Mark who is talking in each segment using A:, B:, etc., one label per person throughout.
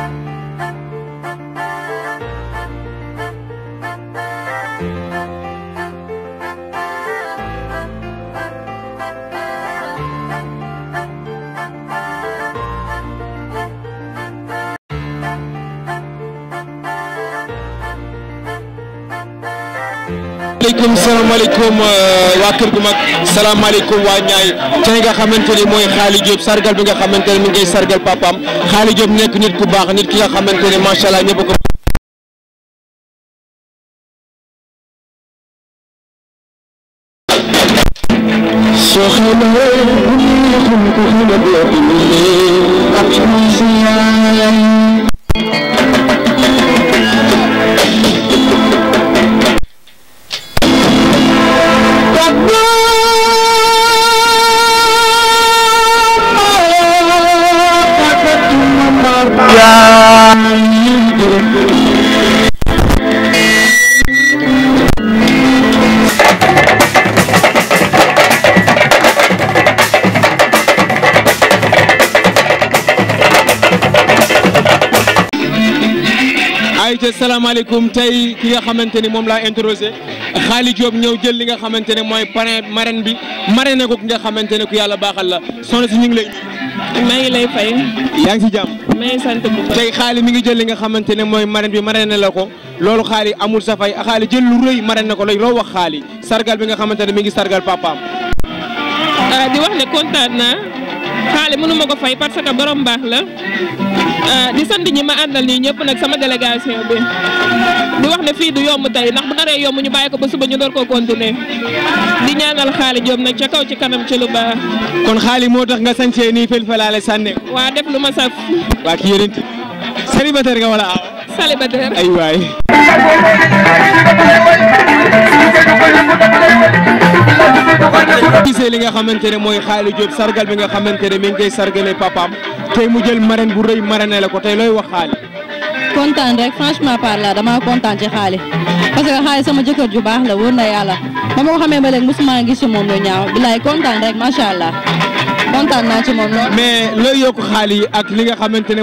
A: thank you sëñ salaamaaleykum euh, waa kër gu mag salaamaaleykum waa ñaay ci nga xamante ni mooy Xaali Diop sargal bi nga xamante ne mi ngay sargal papaam Xaali Diop nekk nit ku baax nit ki nga xamante ne macha allah ñëpp ko soo invité salaamaaleykum tey ki nga xamante ni moom laa interrogé Khaly Diop ñëw jël li nga xamante ne mooy parrain marraine bi marraine ko ki nga xamante ne ku yàlla baaxal la soxna si ñu ngi lay. maa ngi lay fay. yaa ngi si jàmm. maa sant tey Khaly mi ngi jël li nga xamante ne mooy marraine bi marraine la ko loolu Khaly amul sa fay Khaly jël lu rëy marraine na ko loo wax Khaly sargal bi nga xamante ne mi ngi sargal papaam. Ah, di wax ne kontaan naa xaale mënuma ma ko fay parce que borom baax la euh, di sant ñi ma àndal nii ñëpp nag sama délégation bi di wax ne fii du yomb tey ndax bu naree yomb ñu bàyyi ko ba suba ñu door koo continuer di ñaanal xaali Diop nag ca kaw ci kanam ci lu baax. kon xaali moo tax nga sañcee nii fël fëlaale sànne. waa def lu ma saf. waa ki yéen célibataire nga wala aw. gisee li nga xamante ne mooy Khaly Diop sargal bi nga xamante ne mi ngi koy sargalee papaam tey mu jël marraine bu rëy marraine la ko tey looy wax Khaly kontaan rek franchement parla damaa kontaan ci Khaly parce que Khaly sama jëkkër ju baax la wóor na yàlla ba ma ko xamee ba léegi mosuma gis ci moom lu ñaaw bilaay kontaan rek macha allah kontaan naa ci moom lool. mais looy yokk yi ak li nga xamante ne.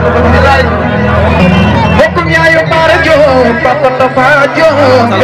A: सा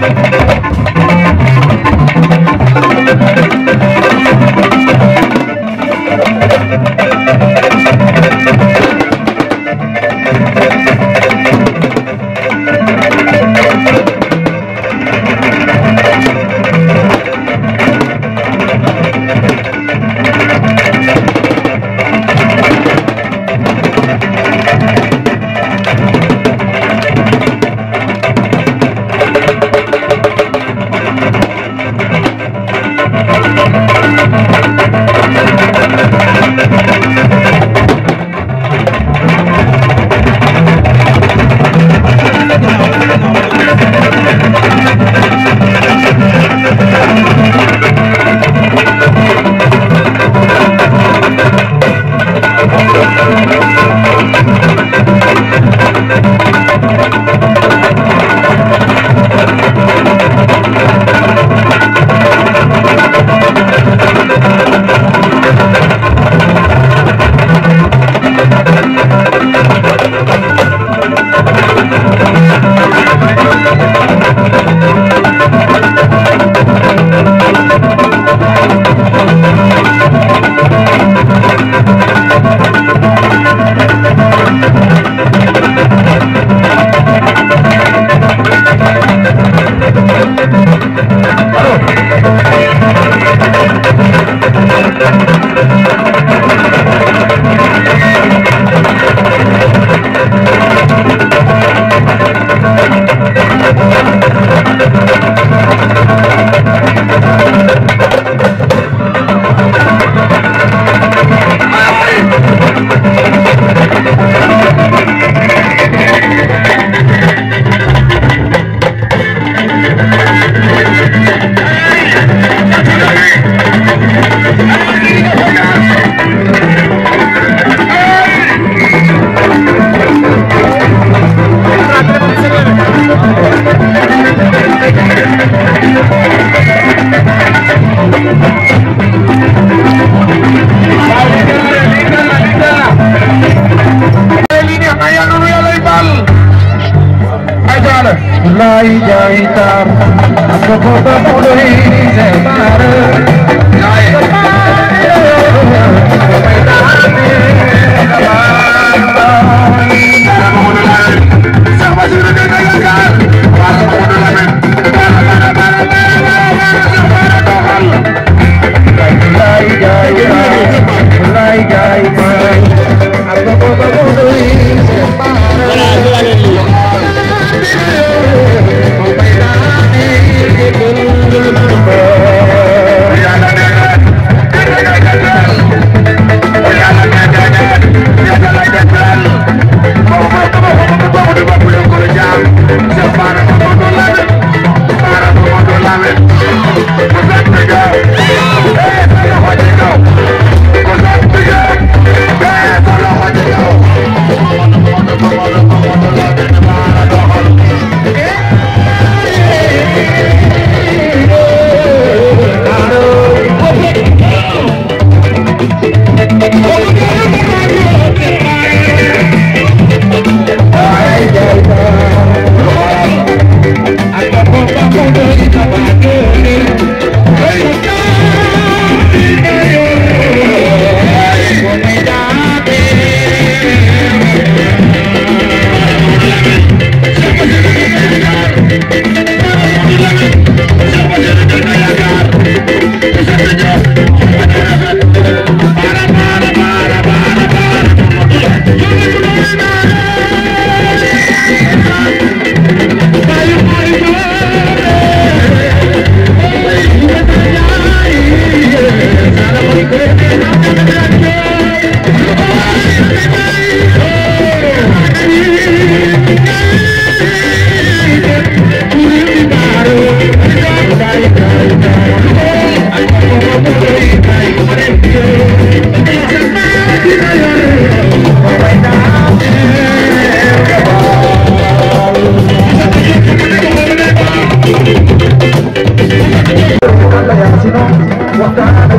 A: Thank you. lay jaay taar nga ko ba mu doy ci noonu waxtaan ak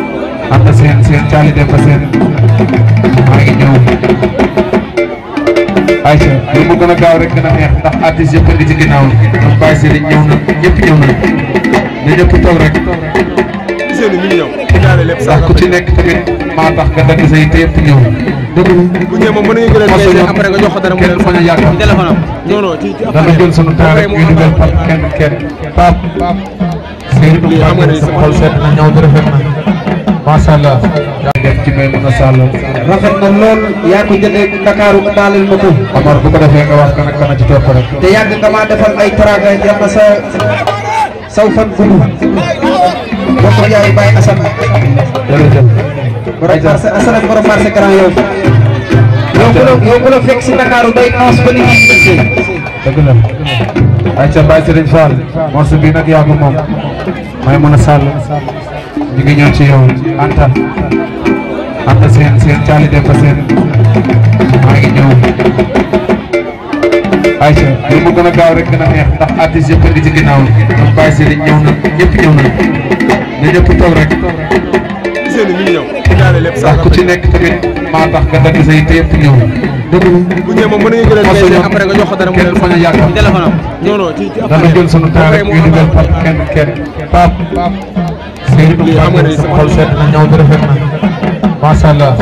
A: am na seen seen caali dem ba seen maa ngi ñëw Aïcha lu mu gën a gaaw rek gën a neex ndax artiste yëpp di ci ginnaaw ñoom Baye ku ci nekk tamit maa tax nga dagg say te yëpp ñëw bu ñëw moom mën nañu gën a dégg kenn a yàgg téléphone am kenn kenn pap Seydou Mbaye sama xol seet na ñëw bi rafet Masalah, allah. def ci Maymuna Sall. rafet Amar bukan ko defee nga karena kan ak kan a dapat topp rek. te yàgg nga maa defal ay teraanga yàlla na sa saw fan gudd. mbokk ak yaay Baye Assane. jërëjëf. borom marché Assane borom marché grand yow. yow ku la yow ku la ñu ngi ñëw ci yow Anta Anta seen seen caali dem ba seen maa ngi ñëw Aïcha li mu gën a gaaw rek gën a neex ndax artiste yëpp di ci ginnaaw ñoom Baye Sidi ñëw na ñëpp ñëw na ñu ñëpp toog rek ndax ku ci nekk tamit maa tax nga dagg say te yëpp ñëw bu ñëwee moom mën nañu jëlal benn après nga jox ko dara mu leen fañ a yàgg non non ci ci après dana jël sunu temps rek ñu dugal Pape kenn kenn Pape Seydou Diop xam a ne sama xol seet na ñëw bi rafet na macha allah.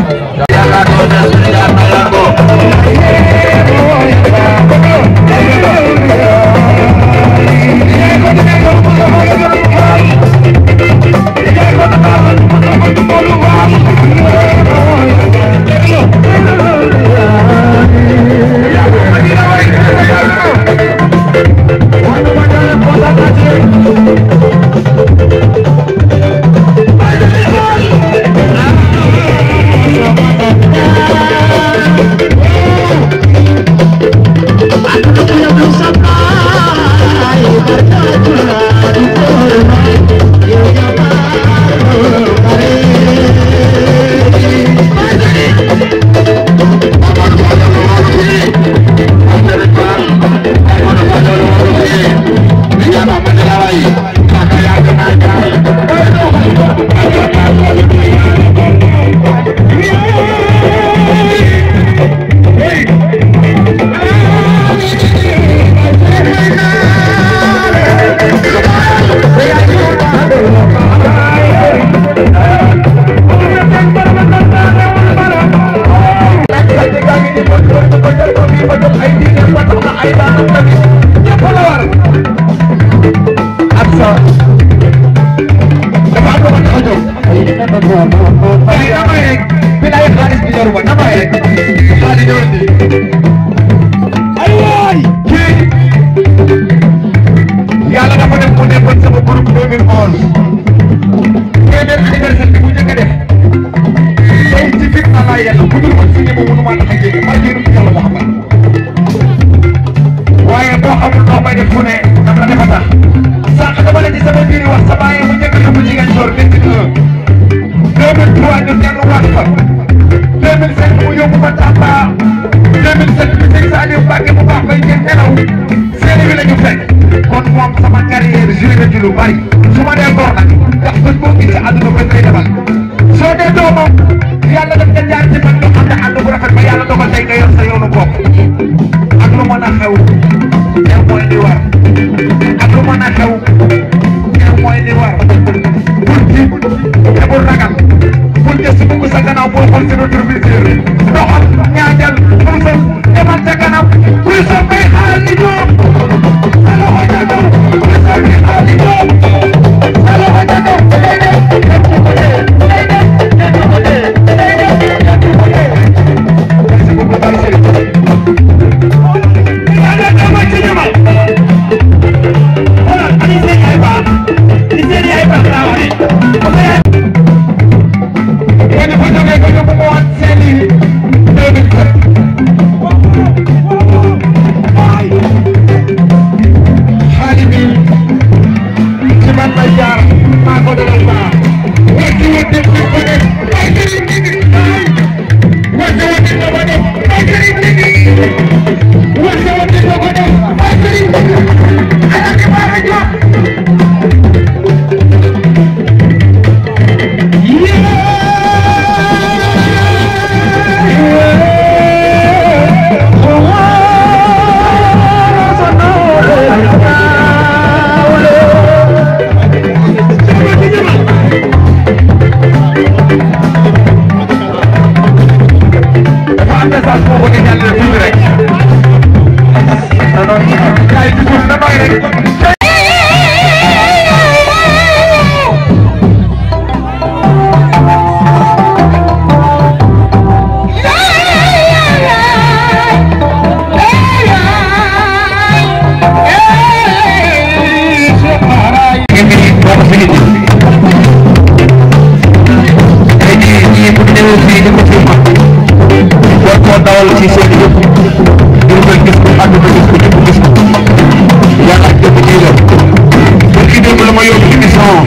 A: seen émission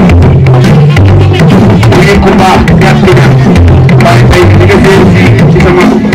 A: muy combat gàtt na waaye tey ñu ngi leen si ci sama